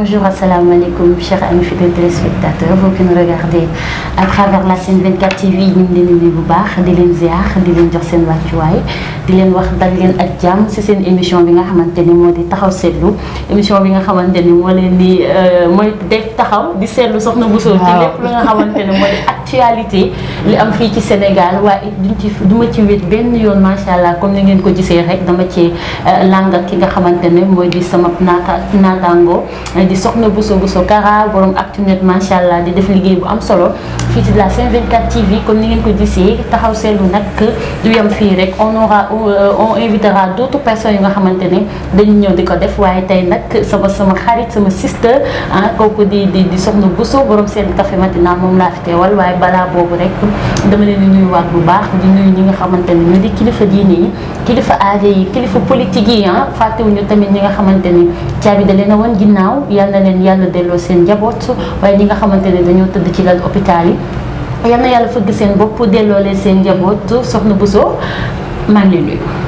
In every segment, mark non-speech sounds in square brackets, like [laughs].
Bonjour, assalamu alaikum, chers amis fidèles téléspectateurs, vous qui nous regardez à travers la chaîne 24 TV, ñu ngi leen di nuyu bu baax di leen ziar di leen jox seen wàccuwaay di leen wax dal leen ak jàmm si seen émission bi nga xamante ni moo di taxaw seetlu émission bi nga xamante ni moo leen di euh, mooy def taxaw di seetlu soxna Bousso ci lépp lu nga xamante ni [laughs] actualité li am fii ci Sénégal waaye duñ ci du ma ci wéet benn yoon macha allah comme ni ngeen ko gisee rek dama ci euh, làng ki nga xamante ne mooy di sama naata naataango di soxna buso Bousso Kara borom actunet macha allah di def liggéey bu am solo la 24 TV comme ni ngeen ko taxaw selu nak du yam on aura euh, on invitera d'autres personnes yi nga xamante dañ ñëw def waye tay nak sama sama xarit sama sister ah di di di soxna borom seen café matinal mom la fi à bala bobu rek dama leen à waat bu baax di nuy ñi nga di kilifa yi kilifa yi kilifa politique yi hein, faté wuñu tamit ñi nga ciabi da a ginnaw yalla leen yalla seen waye ñi nga ci yal na yàlla fëgg seen bopp delloo leen seen njaboot soxna Bousso maa ngi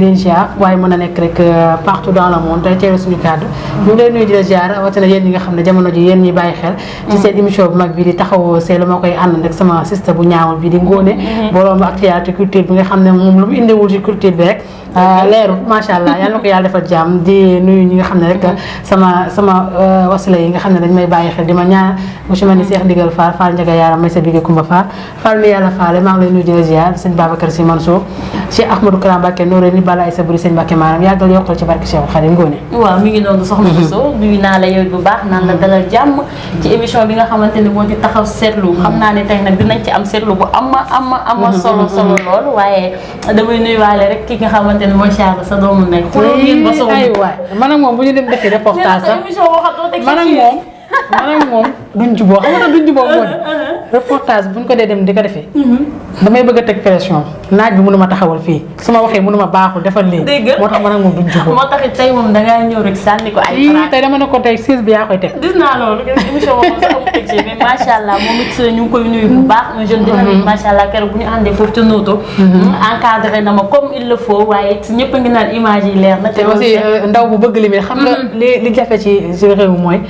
leen ziar waaye mën a nekk rek euh, partout dans le monde tey teewee suñu kaddu ñu ngi leen nuyu di la ziar rawatina yéen ñi nga xam ne jamono ji yéen ñi bàyyi xel ci seen émission bu mag bi di taxaw seelu ma koy ànd rek sama sister bu ñaawul bi di ngóone mm-hmm. borom actualité culture bi nga xam ne moom lu mu indiwul ci culture bi rek euh, mm-hmm. leeru macha allah yàlla ko yàlla defal jàmm di nuyu ñi nga xam ne rek mm-hmm. sama sama euh, wasila yi nga xam dañ may bàyyi xel di ma ñaan monsieur Mani Cheikh Ndigal Fall Fall Ndiaga Yaram may sa bigé Kumba Fall Fall mi yàlla faale maa ngi lay nuyu di la ziar sëñ Babacar Sy Mansour Cheikh Ahmadou Karam Bakke Nouré ni Balla Aïssa Boury sëñ Mbacke maanaam yàggal yokkal ci barke Cheikh Khadim Ngoné waaw mi ngi noonu soxna Bousso mm-hmm. nuyu naa la yow bu baax naan la dalal jàmm ci émission bi nga xamante ne moo di taxaw seetlu mm-hmm. xam naa ne tey nag dinañ ci am seetlu bu ama ama ama mm-hmm. solo solo waaye damay nuyuwaale rek ki nga xamante ne mooy Charles sa doomu nekk ay waay man ak moom bu ñu dem defi reportage sax man ak moom maanaam moom duñ juboo xam nga duñ juboo moom reportage ko dee dem di ko defee. Mhm. damay bëgg a teg pression naaj bi mënuma taxawal fii su ma waxee ma baaxul defal lii. moo tax maanaam moom duñ juboo. moo tax it tey moom da ñëw rek sànni ko dama ne ko tey bi yaa koy teg. gis allah moom it ñu ngi koy nuyu bu baax. un jeune dynamique mhm. macha bu ñu àndee foofu ca Noto. Mhm. encadré na ma comme il le faut waaye it ngi naan image yi leer na. Euh, ndaw bu bëgg li mi xam nga li li jafe ci réew mooy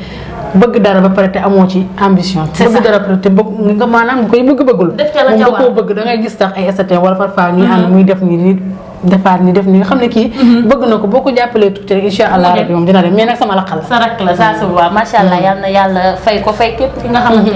bëgg dara ba pare te amoo ci ambition. bëgg dara ba pare te bëgg nga maanaam koy bëgg bëggul. def moom da koo bëgg dangay gis tax ay SDT wala parfois ñuy mm-hmm. ànd muy def nii nii. départ ni def ni nga xam ne mhm. bëgg nako ko boo tout jàppalee inshallah rek incha dina dem mais nak sama la xala sa rak la saa su boobaa macha allah mhm. yal na yàlla fay ko fay képp ki nga xamante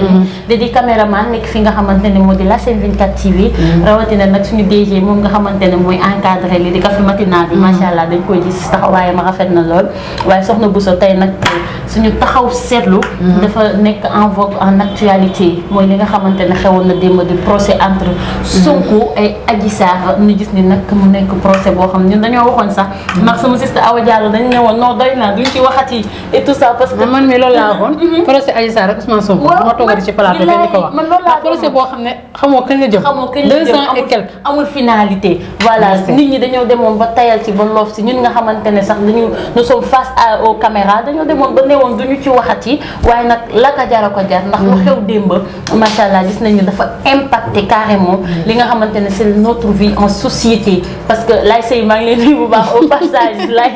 dédi mhm. cameraman di caméraman fi nga xamante ne di la Sen 24 TV rawatina nak suñu dj mom nga xamante moy mooy encadré li di ka fi Matinal bi macha allah dañ koy gis taxawaye ma rafet na lool waaye soxna Bousso tay nak euh, suñu taxaw seetlu dafa nekk en vogue en actualité moy li nga xamante xewon na démb di procès entre Sonko et adissar Sarr ñu gis ni nak mu nekk procès boo xam ñun dañoo waxoon sax ndax sama siste Awa Diallo dañu ne woon non doy na duñ ci waxati et tout ça parce que man mi loolu laa waxoon mhm. ci wax man loolu boo xam ne xamoo kañ la jëm xamoo kañ la jëm deux cent et quelques amul voilà nit ñi dañoo demoon ba tayal ci ba loof si ñun nga xamante ne sax dañu nous sommes face à aux caméras dañoo demoon ba ne woon duñu ci waxati waaye nag la jar a ko jar ndax lu mhm. xew démb macha allah gis nañu dafa impacté carrément mhm. li nga xamante ne c'est parce que là c'est maa ngi lay nuyu bu baax au passage là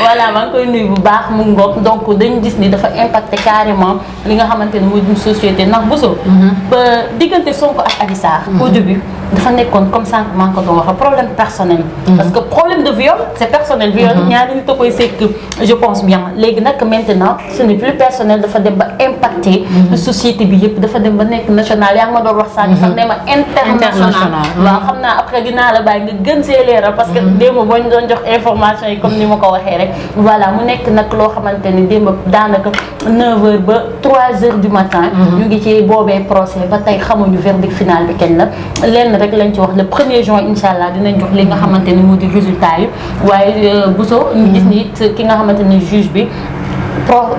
voilà maa ngi koy nuyu bu baax mu au donc dañu gis ni dafa impacté carrément li nga xamante nous mooy société ndax bosoo mhm. ba diggante Sonko ak à Sarr mhm. au début dafa nekkoon comme ça maa ngi ko wax problème personnel mhm. parce que problème de viol c'est personnel viol il y a koy que je pense bien gars que maintenant ce n'est plus personnel dafa dem ba impacté société bi yëpp dafa dem ba nekk national yaa ngi ma doon wax sànq sax international waaw xam après dinaa la bàyyi nga gën see leeral parce que démb boo ñu jox information yi comme ni ma ko waxee rek voilà mu nekk nag loo xamante ni démb daanaka 9h ba 3h du matin. Mhm. ñu ngi ci boobee procès ba tey xamuñu verdict final bi kenn la lenn rek lañ ci wax le premier juin incha allah dinañ jox li nga xamante ni mu di résultat yi waaye euh, bu soo ñu gis ni it ki nga xamante ni juge bi.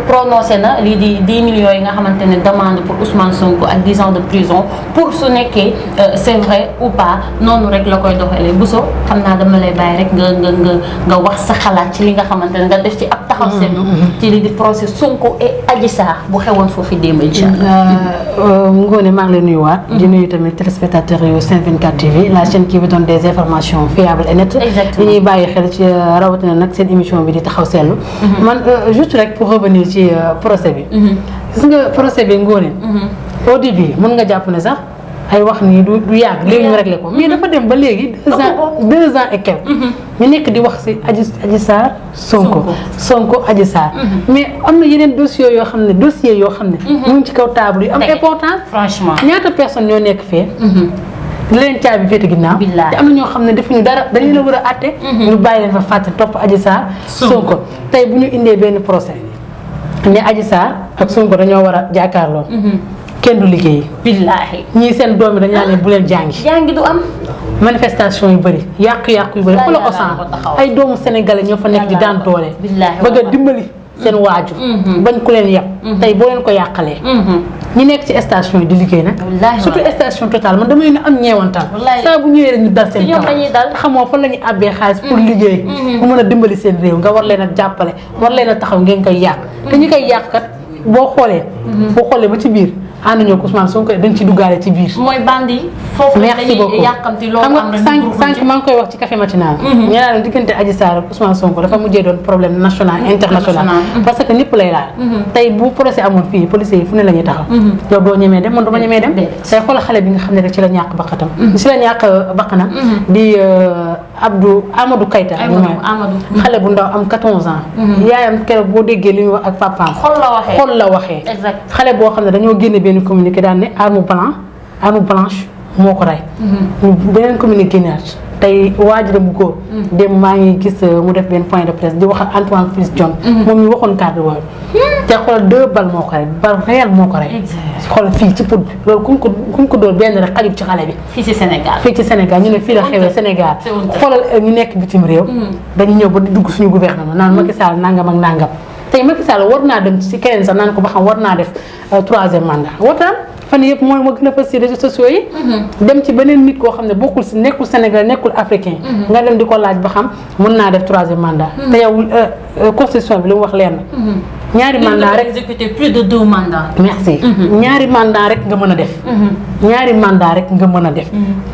prononcé na li di 10 millions yi nga xamantene demande pour Ousmane Sonko ak 10 ans de prison pour su nekké euh, c'est vrai ou pas noonu rek la koy doxalee Bousso xam naa dama lay bay rek nga nga nga nga wax sa xalaat ci li nga xamantene nga def ci ab taxaw seetlu mm, mm, mm. ci li di procès Sonko et Adji Sarr bu xewoon foofu démb incha allah. Euh, euh, Ngoné maa ngi lay wat mm-hmm. di nuyu tamit téléspectateurs yu 524 TV la chaîne qui vous donne des informations fiables et nettes. exactement ñuy bàyyi xel ci rawatina nak cette émission bi di taxaw seetlu. Mm-hmm. man juste rek pour. revenir ci euh, procès bi. Mhm. gis nga procès bi ngóone. Mhm. au mën nga jàpp ne sax ay wax nii du du yàgg léegi ñu réglé ko mais dafa dem ba léegi deux ans deux ans mhm. ñu nekk di wax si Adji Adji ko Sonko Sonko Adji Sarr. mais am na yeneen dossiers yoo xam ne dossiers yoo xam ne. mu ngi ci kaw table yi am importance. franchement ñaata personne ñoo nekk fee. leen caabi féete ginnaaw te am na ñoo xam ne defuñu dara dañu la war a àtte. ñu bàyyi leen fa fàtte topp Adji Sarr. ko tey bu ñu indee benn procès. ne Adji Sarr ak Sonko dañoo war a jàkkaarloo. Mhm. kenn du liggéey. billaahi ñii seen doom yi dañu naan bu leen jàngi. jàngi du am. manifestation yu bëri yàq yàqu yu bëri ku la ko sànq ay doomu sénégalais ñoo fa nekk di daan doole. bëgg a dimbali seen waajur. Mhm. bañ ku leen yàq. Mhm. tey boo leen ko yàqalee. ñu nekk ci station yi di liggéey nag. surtout station Total man dama leen am ñeewantal. saa bu ñëwee rek ñu dal seen kaw dal xamoo fan la ñuy àbbee xaalis pour mm-hmm. liggéey. bu mm-hmm. mën a dimbali seen réew nga war leen a jàppale war leen a taxaw ngeen koy yàq. te ñu mm-hmm. koy yàq kat boo xoolee. boo xoolee ba ci biir. ànd ñoo ko Ousmane Sonko dañ ci duggaale ci biir. mooy bandi foofu dañuy yàkkamti loolu am na xam nga sànq maa ngi koy wax ci café mhm. mhm. mhm. yi fu boo déggee la waxee xale boo xam ne dañoo génne benn communiqué daal ne arme blanc arme blanche moo ko rey. Mhm. beneen communiqué génnaat tey waajal bu góor. Mhm. dem maa ngi gis euh, mu def benn point de presse di wax ak Antoine Félix Diome. Mhm. moom ñu waxoon kàddu woowu. Hmm. te xoolal deux moo ko rey bal réel moo ko rey. xoolal fii ci poudre loolu ku mu ko ku mu ko benn rek xajul ci xale bi. fii ci Sénégal fii ci ñu ne fii la xewee Sénégal. xoolal euh, ñu nekk bitim réew. Hmm. dañu ñëw ba di dugg suñu gouvernement naan ma Sall nangam ak nangam. tey Macky Sall war naa dem ci keneen sax naan ko ba xam war naa def euh, troisième mandat wataam fan yëpp mooy ma gën a fës ci réseaux sociaux yi mm-hmm. dem ci beneen nit koo xam ne bokkul si nekkul sénégalais nekkul africain mm-hmm. nga dem di ko laaj ba xam mën naa def troisième mandat mm-hmm. te yow euh, euh, constitution bi li mu wax leer na ñaari mandat rek exécuté plus de deux mandats merci ñaari mandat rek nga mën a def ñaari mandat rek nga mën a def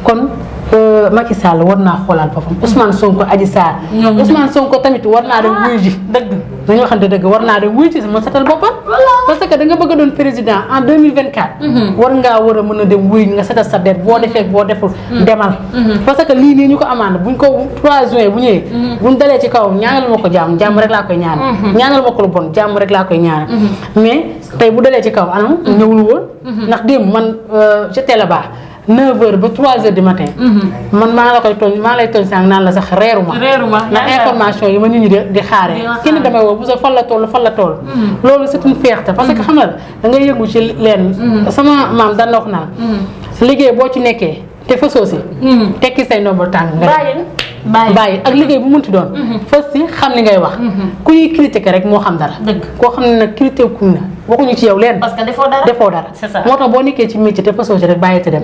kon Euh, Macky Sall war naa xoolaat boppam Ousmane Sonko Adji Sarr. ñoom Ousmane Sonko tamit war naa dem wuyu ji. dëgg dañoo xam ne dëgg war naa dem wuyu ji ma setal boppam. parce que da nga bëgg a doon président en deux mille vingt quatre. Mhm. war ngaa war a mën a dem wuyu nga setal sa der boo defee boo deful. Mhm. demal. Mhm. parce que lii nii ñu ko amande buñ ko 3 juin bu ñëwee. buñ dalee ci kawam ñaanal ma ko jàmm jàmm rek laa koy ñaanal. ñaanal ma ko lu bon jàmm rek laa koy ñaanal. mais tey bu dalee ci kaw anam ñëwul woon. ndax démb man j'étais euh, là-bas. neuf heures ba trois heures du matin mm-hmm. man maa la koy tooñ maa lay tooñ sànq naan la sax reeruma ndax information yi ma nit ñi di xaaree ki ne damay woo bu sa fan la toll fan la toll mm-hmm. loolu c'est une fierté parce que mm-hmm. xam nga da ngay yëngu ci leen sama maam daan la wax naan liggéey boo ci nekkee te fasoo si tekki say ndombo tàng nga bàyyi ak liggéey bu munti doon mm-hmm. fas si xam li ngay wax mm-hmm. ku ñuy critiquer rek moo xam dara koo xam ne nag critiquer kuñ na waxuñu ci yow leen que defoo dara defoo dara moo tax boo nekkee ci métier te fasoo ci rek bàyyi te dem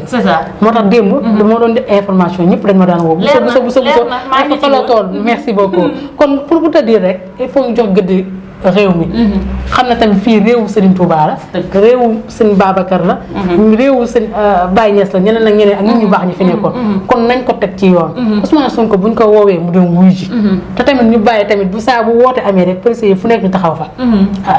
moo tax démb mm-hmm. du doon def information ñëpp dañ daan woo buso buso buso dafa fa la tool merci beaucoup kon pour bu te rek il jox gëdd réew mi mm-hmm. xam na tamit fii réewu Serigne Touba la réewu Serigne Babacar la mm-hmm. Mm-hmm. réewu Serigne euh, Baye Niass la ñeneen ak ñeneen ak nit ñu baax ñu fi nekkoon kon nañ ko teg ci yoon Ousmane Sonko buñ ko woowee mu dem wuy ji te tamit ñu bàyyi tamit bu saa woote amee rek policiers fu nekk ñu taxaw fa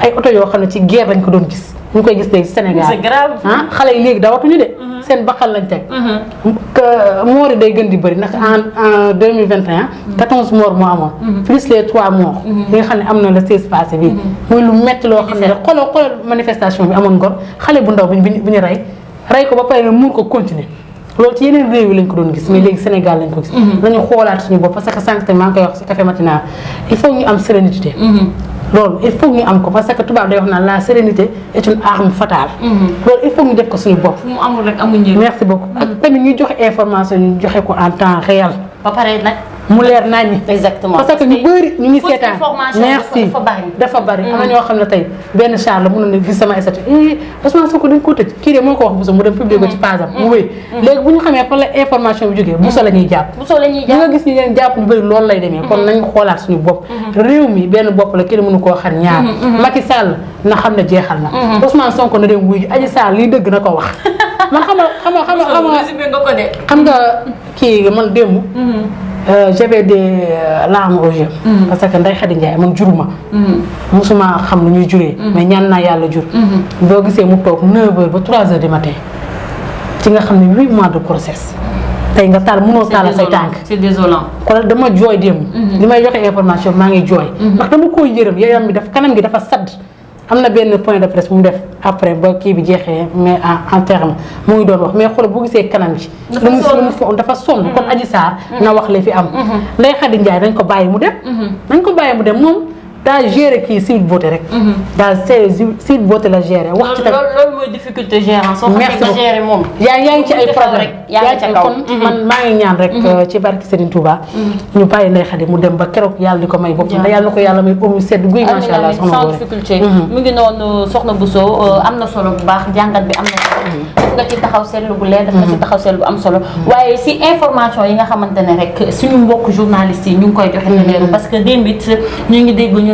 ay oto yoo xam ne ci guerre dañ ko doon gis ñu koy gis léegi Sénégal ah xale yi léegi dawatuñu de seen baqal lañ teg. Mm-hmm. moor yi day gën di bëri ndax en en mille vingt et un. Mm-hmm. quatorze morts moo amoon. Mm-hmm. plus les trois morts. li nga xam ne am na la seize passé bii. muy lu métti loo xam ne rek xooloo xooloo manifestation bi amoon ngor xale bu ndaw bi ñu bi ñu rey rey ko ba pare muur ko continuer. loolu ci yeneen réew yi lañ ko doon gis mais léegi Sénégal lañ ko gis. nañu xoolaat suñu bopp parce que sànq tamit maa ngi koy wax si café il faut ñu am sérénité. loolu il faut ñu am ko parce que tubaab day wax naan la sérénité est une arme fatale. Mhm. loolu il faut ñu def ko suñu bopp. fu mu amul rek amuñu merci beaucoup ak tamit ñu joxe information ñu joxe ko en temps réyal ba pare nag. mu leer naññi. exactement parce que ñu bëri ñu ngi seetaan merci dafa bari am na mm. ñoo xam ne tey benn char la mënoon ne gis sama statut eh Ousmane Sonko na dem wuyu Adji Sarr lii dëgg na ko wax man xam nga kii man démb mm-hmm. Euh, j'avais des euh, larmes aux yeux. Mm. parce que Ndeye Khady Ndiaye man jur ma. mosuma mm. xam lu ñuy juree. Mm. mais ñaan naa yàlla jur. Mm-hmm. boo gisee mu toog 9h ba 3h du matin ci nga xam ni 8 mois de grossesse. tey nga taal mënoo taal say tànk c'est désolant kon dama jooy démb. Mm-hmm. li may joxe information maa ngi jooy. Mm-hmm. ndax dama koy yërëm yaram bi dafa kanam gi dafa sadd. am na benn point de presse mu def après ba kii bi jeexee mais en terme mu ngi doon wax mais xool bu gisee kanam ci lu mu dafa sonn mm-hmm. kon Adji Sarr na wax li fi am mm-hmm. Ndeye Khady Ndiaye nañ ko bàyyi mu dem dañ mm-hmm. ko bàyyi mu dem moom daa gérer kii Sweet vote rek. dans daal Sweet vote la gérer. wax ci tamit loolu loolu mooy difficulté gérant son xamee ba gérer moom. yaa yaa ci ay problème yaa ngi ci kaw kon mhm. man maa ngi ñaan rek. Mhm. Euh, ci barke Serigne Touba. Mhm. ñu bàyyi lay Khady mu dem ba kérok yalla diko may boppam. da yalla ko yalla may omu sedd guy. sha allah soxna Boore difficulté. mu ngi noonu soxna Bousso euh, am na solo bu baax jangat bi amna na solo. nga ci taxaw sel bu leer. daf ci taxaw sel bu am solo. waye ci information yi nga xamantene rek suñu mbokk journaliste yi ñu ngi koy joxe. parce que démb it ñu ngi dégg ñu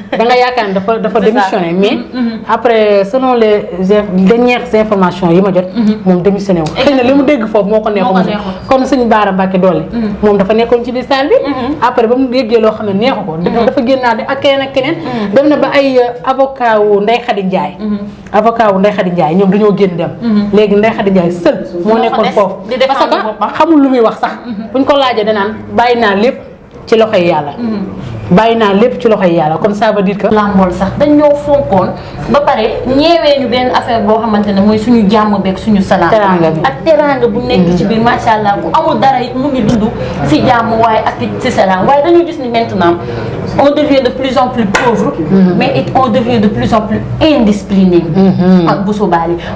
da nga yaakaar ne dafa dafa démissionné mais mm-hmm, mm-hmm. après selon les dernières informations yi ma jot mm-hmm. moom démissionné wu xëy na li mu dégg foofu moo ko neexu moom kon suñu baara Mbàkke doole moom dafa nekkoon ci biir salle après ba mu déggee loo xam ne neexu ko dafa génnaat di ak keneen ak keneen dem na ba ay euh, avocat wu Ndey Xadi Njaay avocat wu Ndey Xadi Njaay ñoom dañoo génn dem léegi Ndey Xadi Njaay seul moo nekkoon foofu parce que xamul lu muy wax sax bu buñ ko laajee danaan bàyyi naa lépp ci loxoy yàlla bàyyi naa lépp ci loxo yàlla kon ça diir dire que. làmbool sax dañ ñoo fonkoon ba pare ñeewee ñu benn affaire boo xamante ne mooy suñu jàmm suñu salaam. teraanga bi ak teraanga bu nekk ci biir macha allah ku amul dara it mu ngi dund si jàmm waaye ak ci salaam waaye dañu gis ni maintenant on devient de plus en plus pauvre, mhm. mais on devient de plus en plus indiscipliné. Mhm. ak ah, bu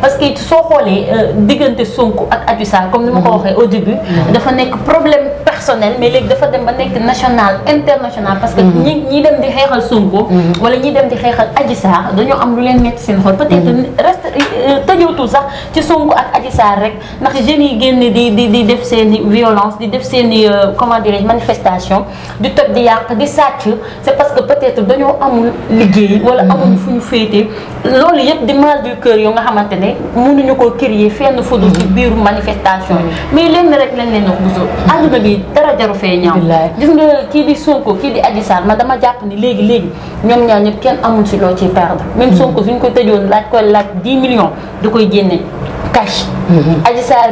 parce que soo xoolee euh, diggante Sonko ak Adji Sarr comme ni ma ko mhm. waxee au début. dafa nekk problème personnel mais léegi dafa dem ba nekk national international. parce que ñi ñi dem di xeexal Sonko. wala ñi dem di xeexal Adji Sarr dañoo am lu leen metti seen xol peut-être reste euh, tëjootul sax ci Sonko ak Adji Sarr rek ndax jeunes yi génn di di def seen violence di def euh, comment dire, manifestation du toj di yàq di sàcc c'est parce que peut-être dañoo amul liguey wala mm-hmm. amuñu fu fété féetee yépp di mal du cœur yo nga xamante ne mënuñu ko créer fenn fu dul ci mm-hmm. biiru manifestation yi mm-hmm. mais lenn rek lañ leen wax guso àdduna bi dara jaru fee ñaaw gis nga ki di Sonko ki di Adji ma dama japp ni légui légui ñom ñaar ñëpp kenn amul ci lo ci perdre même Sonko suñ ko tëjoon laj ko laj 10 millions da génné cash Adji Sarr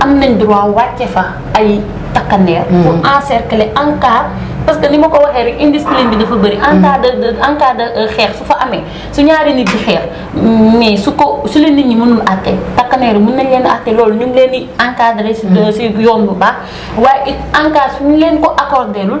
am nañ droit wàcce fa ay takkandeer hmm. pour encercler en cas parce que ni ma ko waxee rek indiscipline bi dafa bëri en hmm. cas de en euh, xeex su fa amee su ñaari nit di xeex mais su ko su leen nit ñi mënul àtte takkandeer yi mën nañ leen àtte loolu ñu ngi leen di encadré hmm. si yoon bu baax waaye it en cas su ñu leen ko accordé lul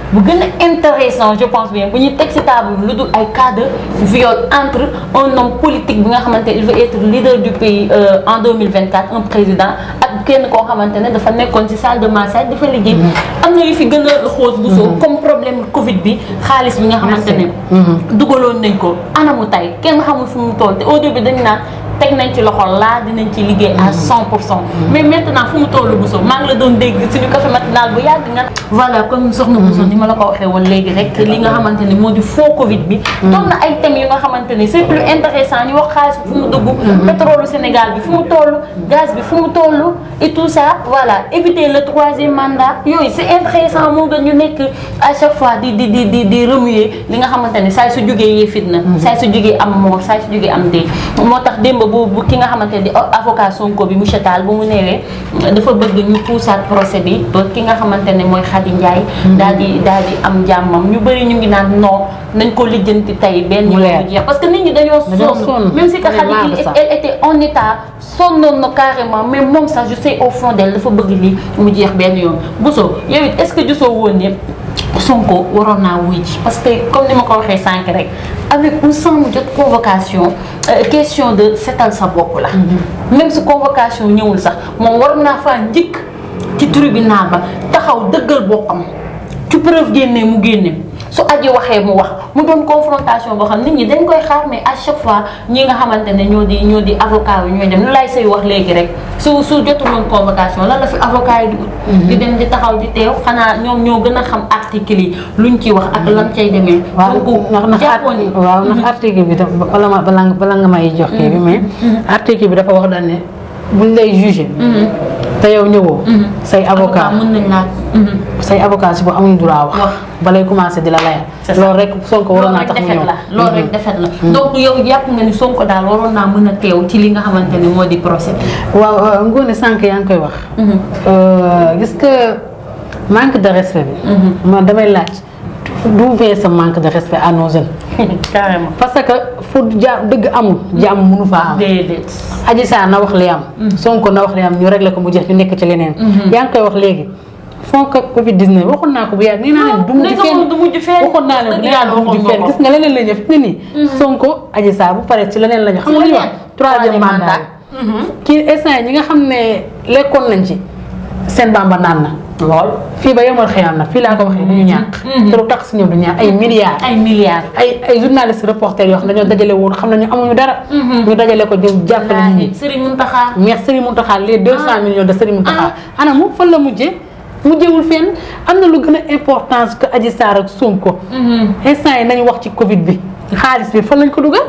bu gën intéressant je pense bien bu ñuy texte table lu dul ay cas de viol entre un homme politique bi nga xamante il veut être leader du pays euh, en 2024 un président ak kenn koo xamante ne dafa nekkoon ci salle de massage dafa liggéey mm-hmm. am na yu fi gën a bu soo mm-hmm. comme problème Covid bi xaalis bi nga xamante ne mm-hmm. dugaloon nañ ko anamu tay kenn xamul fu mu toll te au début dañ naan teg à 100 mais maintenant il faut que le la café matinal voilà comme nous sommes mm-hmm. la faux Covid mm-hmm. na c'est plus intéressant ñu wax le mm-hmm. pétrole au Sénégal bi gaz bi et tout ça voilà éviter le troisième mandat c'est intéressant On à chaque fois di di di di li nga fait. su fitna su am de ça su se am bu bu ki nga xamante ne di avocat Sonko bi monsieur Tall bu mu neewee dafa bëgg ñu puusaat procès bi ba ki nga xamante ne mooy Khady Ndiaye mm-hmm. daal di daal di am jàmmam ñu bëri ñu ngi naan non nañ ko lijjanti tey benn yoon jeex parce que nit ñi dañoo sonn même si que Khady elle était en état sonnoon na carrément mais moom sax je au fond d'elle dafa bëgg li mu jeex benn yoon Bousso yow it est-ce que gisoo woon ne Sonko waroon naa wuy ji parce que comme ni ma ko waxee sànq rek avec ou sans jot convocation euh, question de setal sa bopp la. Mm-hmm. même su convocation ñëwul sax moom waroon naa faa njëkk ci tribunal ba taxaw dëggal boppam ci preuve génnee mu génne. su aji waxee mu wax mu doon confrontation boo xam nit ñi dañ koy xaar mais à chaque fois ñi nga xamante ne ñoo di ñoo di avocat yi ñooy dem lu lay say wax léegi rek su su jotul woon convocation lan la fi avocat yi di ut mhm. di dem di taxaw di teew xanaa ñoom ñoo gën a xam article yi luñ ci wax ak lan cay demee donc jàppoon ni waaw ndax mhm. article bi dafa bala ma bala nga may jox kii bi mhm. mais article bi dafa wax daal ne buñ lay jugé te yow ñëwoo say avocat mën nañ laa Mm-hmm. say avocat bu amuñ droit wax. balay commencé di la layal. loolu rek sonk waroon naa tax mu ñëw loolu rek mm-hmm. defet la mm-hmm. donc yow ni Sonko daal waroon naa mën a teew ci li nga xamante ni moo di procès. waaw euh, Ngoné sànq yaa ngi koy wax. Euh, gis que manque de respect bi. damay laaj. d'où manque de respect à [laughs] que fu ja dëgg amul. jàmm mënu faa na wax li am. Sonko na wax li am ñu réglé ko mu jeex ñu nekk ci leneen. yaa ngi koy wax léegi. fonk ak Covid 19 waxoon naa ko bu yàgg nee mujj fenn du mujj fenn waxoon naa leen nee naa du mujj fenn gis nga leneen la ñu nii. Mhm. Sonko Adji bu paree ci leneen la ñu xam nga li wax troisième mandat. Mhm. kii instant yi ñi nga xam ne lekkoon nañ ci seen bamba naan na. lool fii ba na fii laa ko waxee duñu ñàkk mhm. te lu tax si ñoom du ñàkk ay ay milliards ay ay journalistes reporters yoo xam dajale woon xam nañu amuñu dara ñu dajale ko jëm jàppale nit ñi Serigne Mountakha mais Serigne Mountakha les deux ah. cent millions de Serigne Mountakha ah. ana mu fan la mujjee mujjewul fenn am na lu gën a importance que Adji Sarr ak Sonko. Mhm. instant yi nañu wax ci Covid bi. xaalis bi fan lañ ko dugal.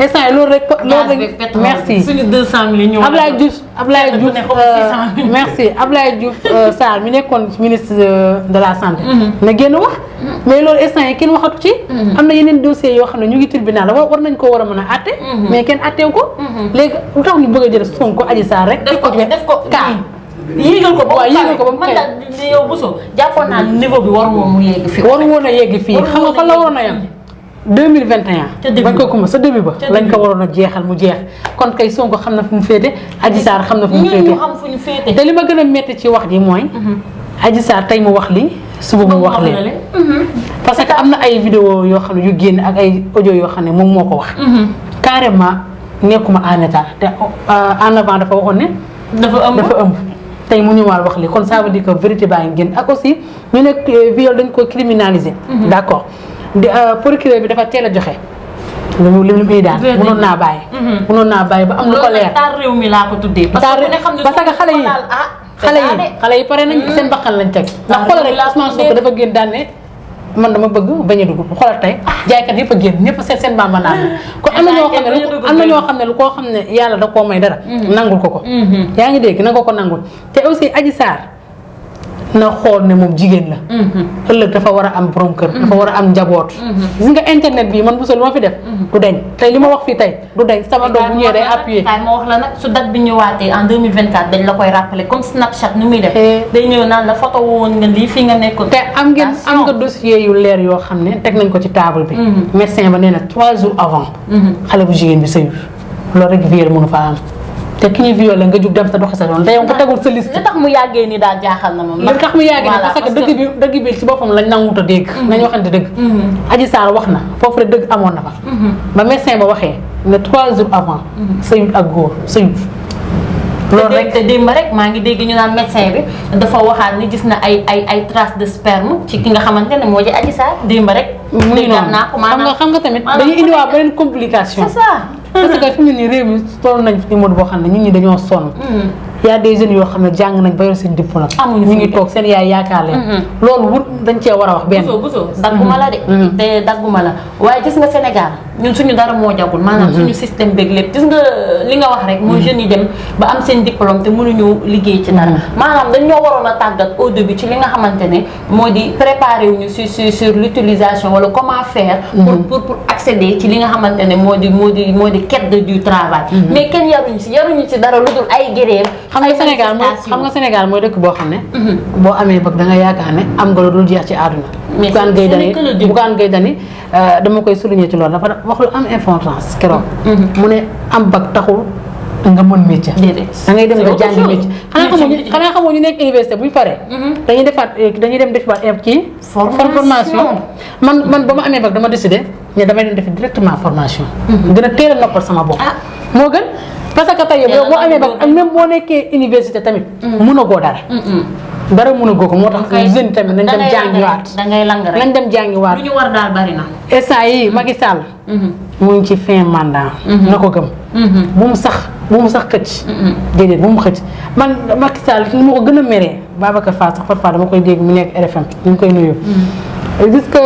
instant yi loolu rek. loolu rek merci suñu 200 millions. Ablaye Diouf Ablaye Diouf euh, merci Ablaye Diouf euh, Sarr mi nekkoon ministre de la santé. Mhm. na génn wax. Mhm. mais loolu instant yi kenn waxatu ci. am na yeneen dossiers yoo xam ne ñu ngi tribunal la war nañ koo war a mën a àtte. mais kenn àtteewu ko. léegi lu tax ñu bëgg a jël Sonko Adji saar rek. def def ko cas. yéegal ko waaw ko ba mu man daal yow Bousso jàppoon naa niveau bi war woon mu yegg fii. war a yegg fii xam nga fan la waroon a yem. 2021. ca début ba ko commencé sa début ba. lañ ko waroon a jeexal mu jeex. kon kay Sonko xam na fu mu féete. Adji Sarr xam na fu mu féete ñun ñu ñu féete. te li ma gën a métti ci wax ji mooy. Mhm. Adji Sarr tey mu wax li suba mu wax leen mhm. parce que am na ay vidéo yoo xam ne yu génn ak ay audio yoo xam ne moom moo ko wax. Mhm. carrément nekkuma en état te euh, en avant dafa waxoon ne. dafa ëmb dafa ëmb. tey mu ñëwaat wax li kon ça veut dire que baa ngi génn ak aussi ñu ne euh, viol dañ ko criminaliser mhm. d' accord euh, procureur bi dafa teel a joxe li mu li muy daan mënoon naa bàyyi mënoon mhm. naa bàyyi ba am lu ko leer taar réew mi laa ko tuddee parce que xale yi ah, xale yi xale yi pare nañ mhm. seen bakkan lañ teg na xoolal rek Ousmane Sonko dafa génn daan man dama bëgg bañ a dugub xoolal tey jaaykat yëpp a génn ñëpp a seet seen bamba naan kon am na ñoo xam am na ñoo xam ne lu koo xam ne yàlla da koo may dara mm-hmm. nangul ko ko mm-hmm. yaa ngi dégg na nga ko nangul te aussi aji saar na xool ne moom jigéen la. Mhm. ëllëg dafa war a am borom kër. dafa mhm. war a am njaboot. Mhm. gis nga internet bi man bu soo li ma fi def. du dañ tey li ma wax fii tey du dañ sama doom bu ñëwee day appuyé. ma wax la nag su date bi ñëwaatee en 2024 dañ la koy rappelé comme Snapchat ni muy def. Eh. day ñëw naan la photo woon nga lii fii nga nekkoon. te am ngeen am nga dossier yu leer yoo xam ne teg nañ ko ci table bi. médecin ba nee na trois jours avant. xale bu jigéen bi sëyul loolu rek vier mënu faa am. te ki ñu violé nga jug dem sa doxi sa yoon te yow nga tegul sa liste. li tax mu yàggee nii daal jaaxal na moom. li tax mu yàggee nii parce que dëgg bi dëgg bi ci boppam lañ nanguut a dégg. Mm-hmm. nañu mm-hmm. wax na foofu rek dëgg amoon na fa. Mm-hmm. ba médecin ba waxee ne trois jours avant. ak góor sëyut. loolu rek te démb rek maa ngi dégg ñu naan médecin bi dafa waxaat ni gis na ay ay ay traces de sperme ci ki nga xamante ne moo di Adji Sarr démb rek. muy noonu dégg naa xam nga tamit dañuy indiwaat beneen complication. c'est ça. parce que fi mu ne nii réew mi toll nañ fi mode boo xam ne ñun ñi dañoo sonn. Mm-hmm. y a des yoo xam ne jàng nañ ba yor seen diplôme. amuñu ñu ngi toog seen yaay yaakaar leen. Mm-hmm. loolu wut dañ cee war a wax benn. busoo busoo mm-hmm. dagguma la de. te dagguma la waaye gis nga Sénégal. ñun suñu dara moo jagul. Mhm. maanaam suñu système beeg lépp gis nga li nga wax rek. moo mhm. jeunes yi dem ba am seen diplôme te mënuñu liggéey ci dara. Mhm. maanaam dañ ñoo waroon a tàggat au début ci nga xamante ne moo di préparer wu ñu sur sur sur l'utilisation wala comment faire. pour pour pour ci li nga xamante ne moo di moo di moo di quête du travail. mais kenn yaruñu si yaruñu si dara lu dul ay grève. xam nga Sénégal mooy xam nga Sénégal mooy dëkk boo xam ne. boo amee bëgg da nga yaakaar ne am nga lu dul jeex ci àdduna. Bougane Gueye Dany Bougane Gueye Dany dama koy souligner ci loolu dafa wax lu am importance keroog. Mhm. mu ne am bac taxul nga mën métier. da ngay dem nga jàngi métier. xanaa xamoo ñu xanaa xamoo ñu nekk université bu ñu paree. Mhm. dañuy defaat eh, dañuy dem defaat eh, ci. formation man man ba ma amee bac dama décidé ne damay dem def directement formation. Mhm. gën a teel sama bopp. Ah. moo gën parce que tey boo amee bac ak même boo nekkee université tamit. mënagoo dara. dara mun a goo ko moo tax jeune tamit nañ dem jàngiwaat dangay lang rek nañ dem jàngiwaat lu ñu war daal bari na instant yi mhm. Macky mhm. ngi ci fin mandat mhm. na ko gëm bu mu sax bu mu sax xëcc déedéet bu mu xëcc man Macky Sall li ma ko gën a meree Babacar Fall sax parfois dama koy dégg mu nekk RFM ñu ngi koy nuyu gis que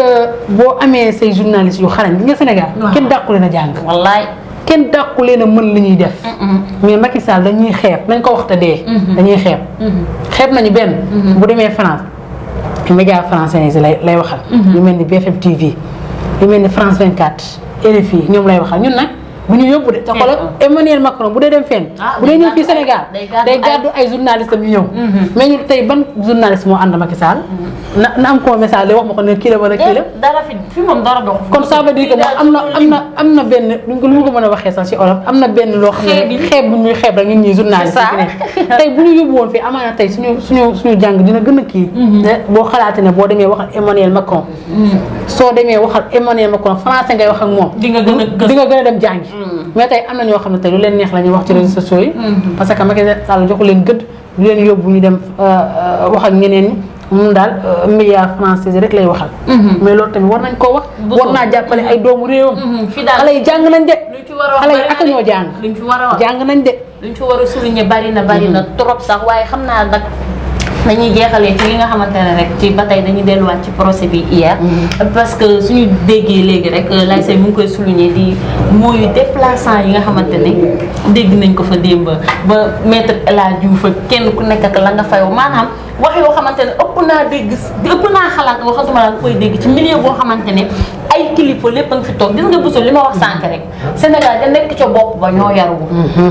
boo amee say journaliste yu xarañ bi nga Sénégal kenn dàqule na jàng wallaay kenn dàqu leen a mën li ñuy def. Mm, mm. mais Macky Sall dañuy xeeb nañ ko wax te dee. Mm-hmm. dañuy xeeb. Mm-hmm. xeeb nañu benn. Mm-hmm. bu demee France média français yi lay lay waxal. yu mel ni BFM TV yu mel ni France 24 RFI ñoom lay waxal ñun nag. bu ñu yóbbu de mm-hmm. te xoolal Emmanuel Macron bu dee dem fenn ah, bu dee ñëw fii Sénégal day gàddu ay journaliste yu ñëw mm-hmm. mais ñu tey ban journaliste moo ànd Macky Sall mm-hmm. na na am ko message la ma ne kii eh, dara dara dox kon ça veut dire que am na am na am na benn lu ma ko mën a waxee sax ci olof am na benn loo xam ne xeeb bu ñuy xeeb rek ñun ñuy journaliste fi nekk tey bu ñu woon fii amaana tey suñu suñu suñu jàng dina gën a kii boo xalaatee ne boo demee waxal Emmanuel Macron soo demee waxal Emmanuel Macron français ngay wax ak moom di nga gën a dem jàngi Mm. mais tey am na ñoo xam ne tey lu leen neex la ñuy wax ci réseaux sociaux yi. Mm. Mm. parce que Macky Sall joxu leen gëdd du leen yóbbu ñu dem euh, euh, wax ak ñeneen ñi moom daal euh, média français rek lay waxal. Mm-hmm. mais loolu tamit war nañ koo wax. war naa jàppale ay doomu réewam. Mm-hmm. fii daal xale yi jàng nañ de. luñ a wax xale yi ak ñoo jàng. luñ ci a wax jàng nañ de. luñ a mm-hmm. trop sax waaye xam naa nag. dañuy jeexalee ci li nga xamante ne rek ci ba tey dañuy delluwaat ci procès bi hier. Mm-hmm. parce que suñu déggee léegi rek euh, lay say mu ngi koy souligner di mooyu déplaçant yi nga xamante ne dégg nañ ko fa démba ba maître El Hadj fa kenn ku nekk ak la nga wu maanaam wax yoo xamante ne ëpp naa dégg ëpp naa xalaat waxatuma laa koy dégg ci milieu boo xamante ne ay kilifa lépp nga fi toog gis nga bësul li ma wax sànk rek mm-hmm. Sénégal da nekk ca bopp ba ñoo yaruwul mm-hmm.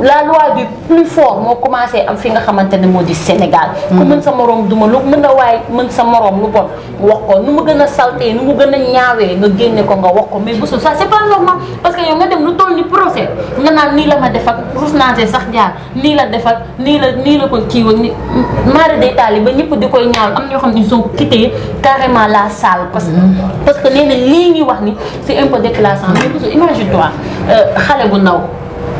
la loi du plus fort mo commencé am fi nga xamantene ne di Sénégal. ko mhm. mën sa morom duma lu mën way waaye mën sa morom lu bon wax ko nu gëna salté nu gëna ñaawé nga génne ko nga wax ko mais bu ça c'est pas normal parce que yow nga dem lu toll ni procès nga naan nii la ma def ak rus naa sax jaar ni la def ak ni la ni la ko ki kiiwa ni mari day taal yi ba ñëpp di koy ñaaw am ñoo xamni ne quitté carrément la salle parce que mhm. parce que nee na lii wax ni c'est un peu déclassant mais bu imagine toi euh xalé bu ndaw.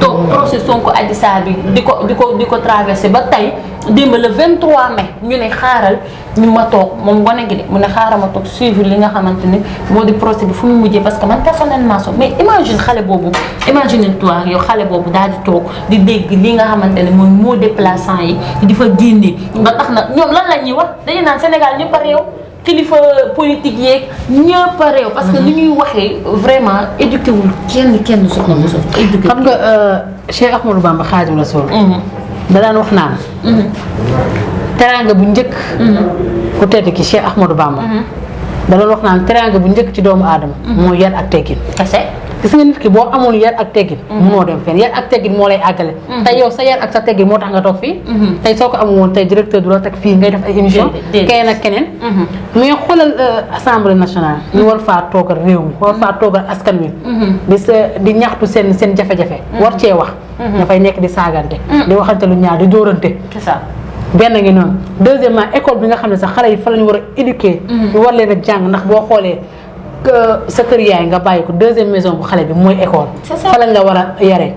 toog procès Sonko Adji Sarr bi di ko di ko di ko traversé ba tey démb le 23 mais ñu ne xaaral ñu ma toog moom gone gi de mu ne xaaral ma toog suivre li nga xamante ni moo di procès bi fu mu mujjee parce que man personnellement so mais imagine xale boobu imagine toi yow xale boobu daal di toog di dégg li nga xamante ne mooy moo déplaçant yi di fa génne ba tax na ñoom lan la ñuy wax dañuy naan Sénégal ñëpp a yow kilifa politique yeeg ñëpp a réew. parce que mhm. li ñuy waxee vraiment éduqué wul kenn kenn soxna nga euh, Bamba Xaadimu Rasuul. Mhm. da daan mhm. bu njëkk. ku tedd ki Cheikh Ahmadou Bamba. da doon wax naan teranga bu njëkk ci doomu aadama. Mhm. mooy yar ak teggin. kese gis nga boo amul yar ak teggin. Mhm. munoo dem fenn yar ak teggin moo lay àggale. Mhm. tey yow sa yar ak sa moo tax nga toog fii. tey soo ko amul woon tey directeur du la teg fii ngay def ay émission. keneen ak keneen. mais xoolal euh, assemblée nationale. ñu war faa toogal réew mi war faa toogal askan wi. di sa di ñaxtu seen seen jafe-jafe. war cee wax. dafay nekk di saagante. di waxante lu ñaar di dóorante. benn ngi noonu deuxièmement école bi nga xam ne sax xale yi fa la ñu war a éduquer ñu mhm. war leen a jàng ndax boo xoolee sa kër yaay nga bàyyi ko deuxième maison bu xale bi mooy école fa lañ la war a yaree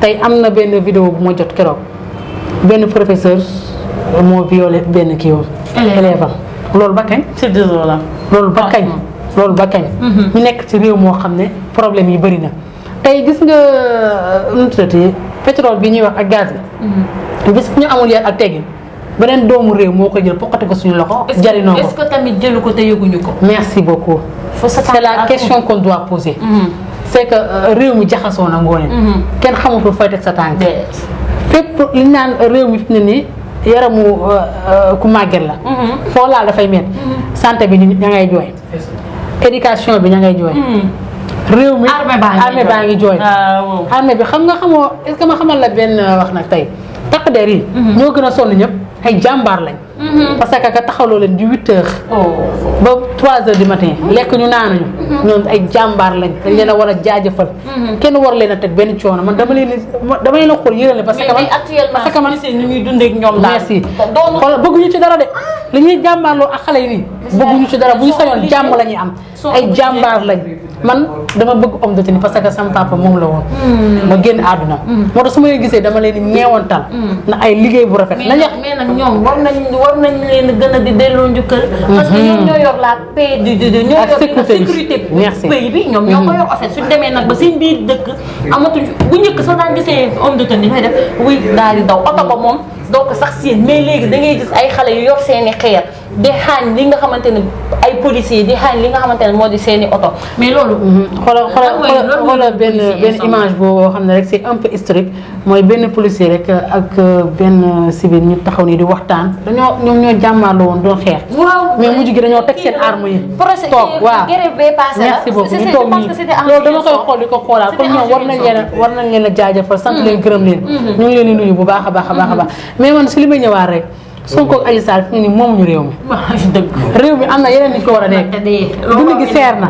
tey am na benn vidéo bu ma jot keroog benn professeur moo violé benn kii woon élève am loolu ba kañ loolu ba kañ loolu ba kañ mhm. ñu nekk si réew moo xam ne problème yi bëri na tey gis nga euh, nu mu tuddati pétrole bi ñuy wax ak gaz bi bis mhm. ñu amul yar ak teggin beneen doomu rew moko jël pokati ko suñu loxo. jari ko est-ce que tamit jëlu ko te yëguñu ko. merci beaucoup. c'est la question qu'on doit poser. Mm-hmm. c'est que euh, rew mi jaxasoo na ngoone. Mm-hmm. kenn xamatul fayte sa tank fépp li nane rew mi fi ne yaramu euh, euh, ku màgget la. Mm-hmm. fo la da fay met santé bi ña ngay joy éducation bi ña ngay joy rew mi armée baangi joy jooy ah, armée bi xam nga xamoo est-ce que ma xamal la ben wax nak tay takk der yi. ñoo gëna sonu ñep ay jàmbaar lañ Mm-hmm. parce que ka taxaloo leen di huit oh. ba trois heures du matin. Mm-hmm. lekk ñu naanuñu. Mm-hmm. ñoom ay jàmbaar lañ. dañ leen a war kenn war leen teg benn coono man dama leen dama leen a xool yërale parce que man parce que man ñu ngi dundee ak xale yi nii bëgguñu ci dara bu ñu jàmm la am ay jàmbaar lañ man dama bëgg homme de tenue parce que sama papa moom la woon mm. ma génn àdduna mm. moo tax su ma gisee dama leen ñeewantal mm. na ay liggéey bu rafet war nañ leen gën a di delloo njukkal. Mhm. parce que ñoom ñoo yor la paix du du ñoo yor la sécurité pays bi ñoom ñoo ko yor en fait suñ demee nag ba seen biir dëkk amatuñ bu njëkk sax daan gisee homme de tenue dafay def wuy daal di daw oto ba moom doo ko sax seen mais léegi da ngay gis ay xale yu yor seeni xeer di xaañ li nga xamante ne ay policiers di xaañ li nga xamante ne moo di seeni oto. mais loolu. Mhm. Mhm. xoolal ah xoolal xoolal benn benn image boo xam ne rek si un peu historique mooy benn policier rek ak benn civil ñu taxaw nii di waxtaan dañoo ñoom ñoo jàmmaarloo woon doon xeex. waaw mais mujj gi dañoo teg seen arme yi. procès toog waaw grève bee passé la merci beaucoup ñu xool ko xoolaat kon ñoom war nañ leen a war nañ mhm. gërëm leen. ñu ngi leen di bu baax a baax baax a mais man si li may ñëwaat rek Sonko ak Adji Sarr fi ni moomuñu réew mi. dëgg réew mi am na yeneen ni ko war a nekk. dund gi seer na.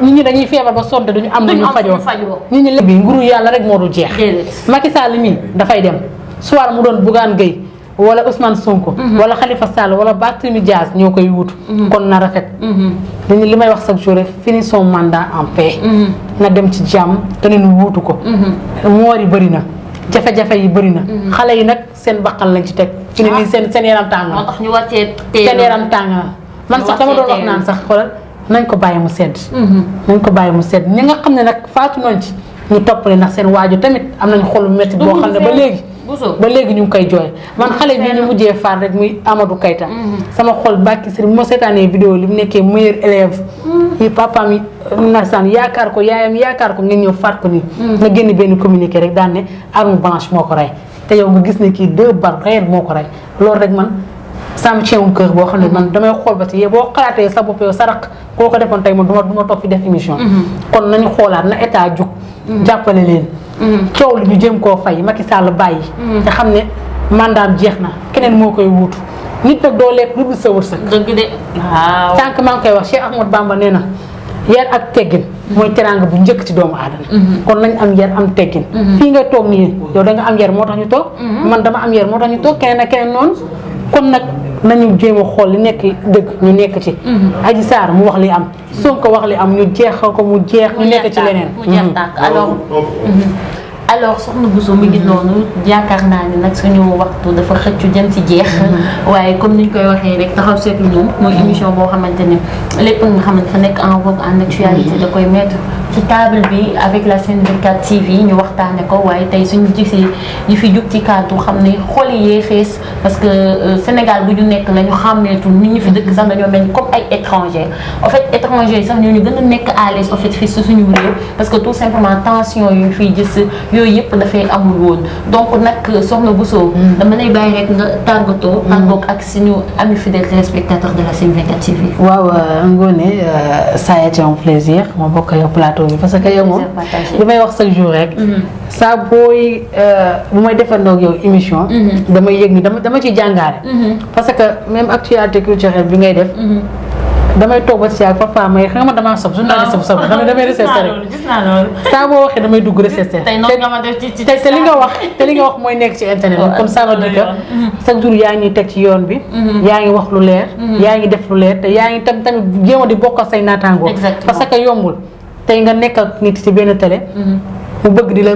nit ñi dañuy feebar ba sonn duñu am. duñu fajoo nit ñi lépp bi nguuru yàlla rek moo du jeex. Macky Sall mi dafay dem. soir mu doon Bougane Gueye wala Ousmane Sonko. Mhm. wala xalifa Sall wala Barthélémy Dias ñoo koy wut. Mhm. kon na rafet. dañu mhm. li may wax chaque jour rek fini son mandat en paix. dem ci jàmm keneen wuutu ko. moor yi bëri na jafe-jafe yi bëri na. xale yi nag. seen bakkan lañ ci teg. fi ne ah. nii seen seen yaram tàng ñu war cee teel seen yaram man sax dama doon wax naan sax xoolal nañ ko bàyyi mu sedd. Mhm. nañ ko bàyyi mu sedd ñi nga xam ne nag faatu nañ ci ñu toppale ndax seen waaju tamit am nañ xolu métti boo xam ne ba léegi. ba léegi ñu ngi koy jooy man xale bi ñu mujjee faat rek muy Amadou Kayta mhm. sama xol bàkki sëriñ ma seetaanee vidéo li mu nekkee meilleur élève mhm. yi papaam yi nasaan yaakaar ko yaayam yaakaar ko ngeen ñëw faat ko nii nga génn benn communiqué rek daan ne arme moo ko rey te yow nga gis ne kii deux balles réelles moo ko rek loolu rek man ça me tient boo xam ne man damay xool ba ci yow boo xalaatee sa bopp yow sa rakk koo ko defoon tey man du ma du ma toog fi def émission. Mhm. kon nañu xoolaat na état jug. Mhm. jàppale leen. Mhm. coow lu ñu jëm koo fay Macky Sall bàyyi. nga xam ne mandaam jeex na keneen moo koy wuutu. nit nag doo lekk lu dul sa wërsëg. dëgg de waaw. tant que koy wax Cheikh Ahmad Bamba nee na. yar ak teggin mooy teraanga bu njëkk ci doomu aadama mhm. kon nañ am yar am teggin mhm. fii nga toog nii yow da nga am yar moo tax ñu toog mhm. man dama am yar moo tax ñu toog keneen ak keneen noonu kon nag nañu jéem a xool li nekk dëgg ñu nekk ci aji Sarr mu wax li am Sonko wax li am ñu jeex ko mu jeex ñu nekk ci leneen alors alors soxna Bousso mi ngi mhm. noonu yaakaar naa ni nag suñu waxtu dafa xëccu jëm si jeex. Mhm. waaye comme ni ñu koy waxee rek taxaw seetlu moom. mooy mhm. émission boo xamante ne lépp nga xamante fa nekk en vogue en actualité da koy mettre. ci table bi avec la Sen 24 TV ñu waxtane ko waye tay suñu gisee ñu fi jug ci kàddu xamné ne xool yee parce que euh, Sénégal bu ñu nekk la ñu tu nit ñi fi dëkk sax dañoo mel comme ay étrangers en fait étranger sax ñu gëna a nekk à l'aise en fait fii suñu réew parce que tout simplement tension yu fi fiy gis yooyu yëpp dafay amul woon donc nak euh, soxna Bousso hmm. dama lay bay rek nga tàggatoo tàggoog hmm. ak suñu ami fidèles téléspectateurs de la Sen 24 TV waaw euh, Ngoné ça a été un plaisir mo bokk yo plateau réew mi parce que yow moom li may wax chaque jour rek mm-hmm. saa booy euh, bu may defandoog yow émission mm-hmm. damay yëg ni dama dama ci jàngaale mm-hmm. parce que même actualité culturelle bi ngay def damay toog ba si ak papa may xam nga damaa sob su naa sob sob damay damay [laughs] boo waxee damay dugg recherche tey noonu nga ma def te li nga wax te li nga wax mooy nekk ci internet bi [laughs] comme ça a dire que jour yaa ngi teg ci yoon bi yaa ngi wax lu leer yaa ngi def lu leer te yaa ngi tam tamit jéem a di bokkal say naataangoo parce que yombul tey nga nekk ak nit ci benn télé. Mhm. mu bëgg di la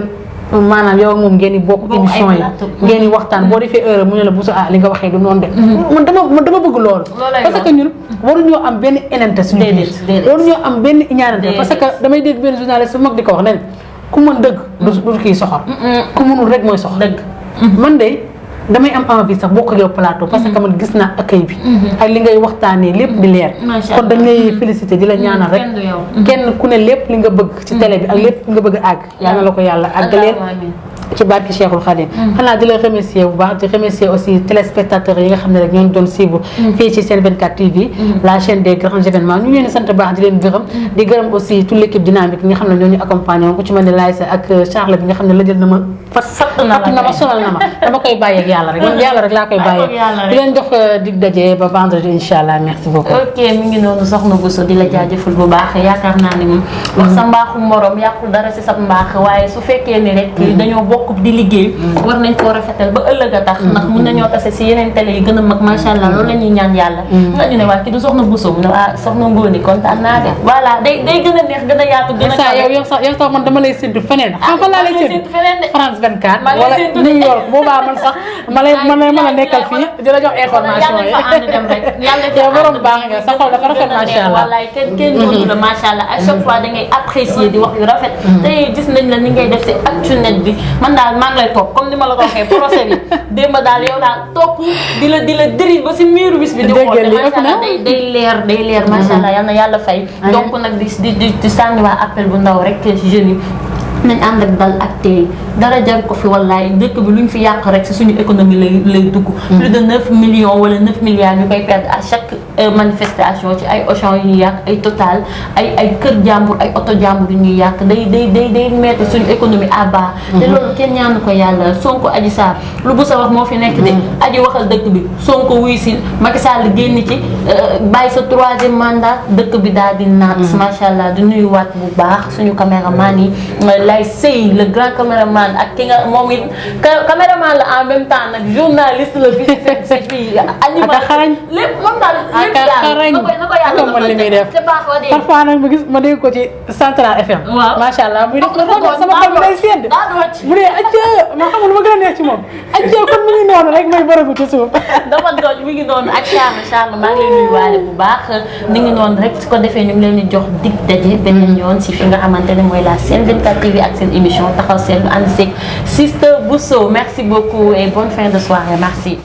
maanaam yow ak moom ngeen di bokk yi mhm. ngeen di waxtaan boo defee heure mu ne la busu ah li nga waxee du noonu de mhm. man dama dama bëgg loolu parce que ñun waruñoo am benn enante suñu biir waruñoo am benn iñaanante parce que damay dégg benn journaliste bu mag di ko wax ne ku mën dëgg du kii soxor ku mënul rek mooy soxor dëgg man de damay am envie sax bokk ak yow plateau parce que man mm-hmm. gis naa accueil bi mm-hmm. ak li ngay waxtaanee lépp di leer kon dañ lay félicité di la mm-hmm. ñaanal rek kenn ku ne lépp li nga bëgg ci télé bi ak lépp li nga bëgg àgg yaa na la ko yàlla àggaleel ci barki Cheikhul Khadim xana di la remercier bu baax di remercier aussi téléspectateurs yi nga xamné rek ñoon doon suivre fi ci Sen 24 TV la chaîne des grands événements ñu leen sante baax di leen gërëm di gërëm aussi toute l'équipe dynamique bi nga xam ne ñooñu accompagné woon ci mané ne Laïsa ak Charles bi nga xamné la jël na ma fa fat na la na ma sonal na ma dama koy baye ak yàlla rek man yàlla rek la koy baye di leen jox dig dajé ba vendredi inshallah merci beaucoup ok mi ngi nonu soxna Bousso di la jaajëfal bu baax yaakaar naa ni moom wax sa mbaxu morom yàqul dara ci sa mbax waye su fekkee ni rek dañoo bokk di liggéey war nañ koo rafetal ba ëllëg a tax ndax mun nañoo tase si yeneen télé yu gën a mag macha allah loolu la ñaan yàlla mm. nañu ne waa ki du soxna Bousso mu ne mm. a a a sax yow sax man dama lay séddu feneen ah, France 24 wala New York boobaa [laughs] ma lay ma a yi kenn kenn mm-hmm. dootu la macha allah à chaque fois da ngay di wax yu rafet mm-hmm. te gis nañ la ni ngay def si actu net bi man daal maa ngi lay topp comme ni ma la ko waxee procès [laughs] daal yow daal topp di la di la diri ba si miiru bis bi. di xool macha allah day day leer day leer macha allah yal na yàlla fay. donc nag di di di sànni waa appel bu ndaw rek ci jeunes yi nañ ànd ak dal ak tey. dara jar ko fi wallaay dëkk bi lu ñu fi yàq rek si suñu économie lay lay dugg. Hmm. plus de neuf millions wala neuf milliards ñu koy perdre à chaque euh, manifestation ci ay Auchan yu ñuy yàq ay Total ay ay kër jàmbur ay oto jàmbur yu ñuy yàq day day day day mettre suñu économie à bas. Hmm. te loolu kenn ñaanu ko yàlla Sonko Adji Sarr lu bu sa wax moo fi nekk de. Hmm. aji waxal dëkk bi Sonko wuy si Macky Sall génn ci euh, bàyyi sa troisième mandat dëkk bi daal di naat. macha allah di nuyuwaat bu baax suñu caméraman caméraman ak ki nga moom it caméraman la en même temps nag journaliste la fii si fii animateur xarañ lépp moom daal lépp daal na ko na ko yàlla mën li muy def parfois nag ma gis ma dégg ko ci Central FM waaw macha allah muy def sama xol bi day sedd bu dee acca ma xamul lu ma gën a neex ci moom acca [laughs] kon mu ngi noonu rek may baragu ci suuf [laughs] dafa dooj mu ngi noonu ak Charles Charles maa ngi lay nuyu waale bu baax ni ngi noonu rek su ko defee ñu ngi leen di jox dig daje beneen yoon si fi nga xamante ne mooy la Sen 24 TV ak seen émission taxaw seetlu ànd Sister Bousso, merci beaucoup et bonne fin de soirée. Merci.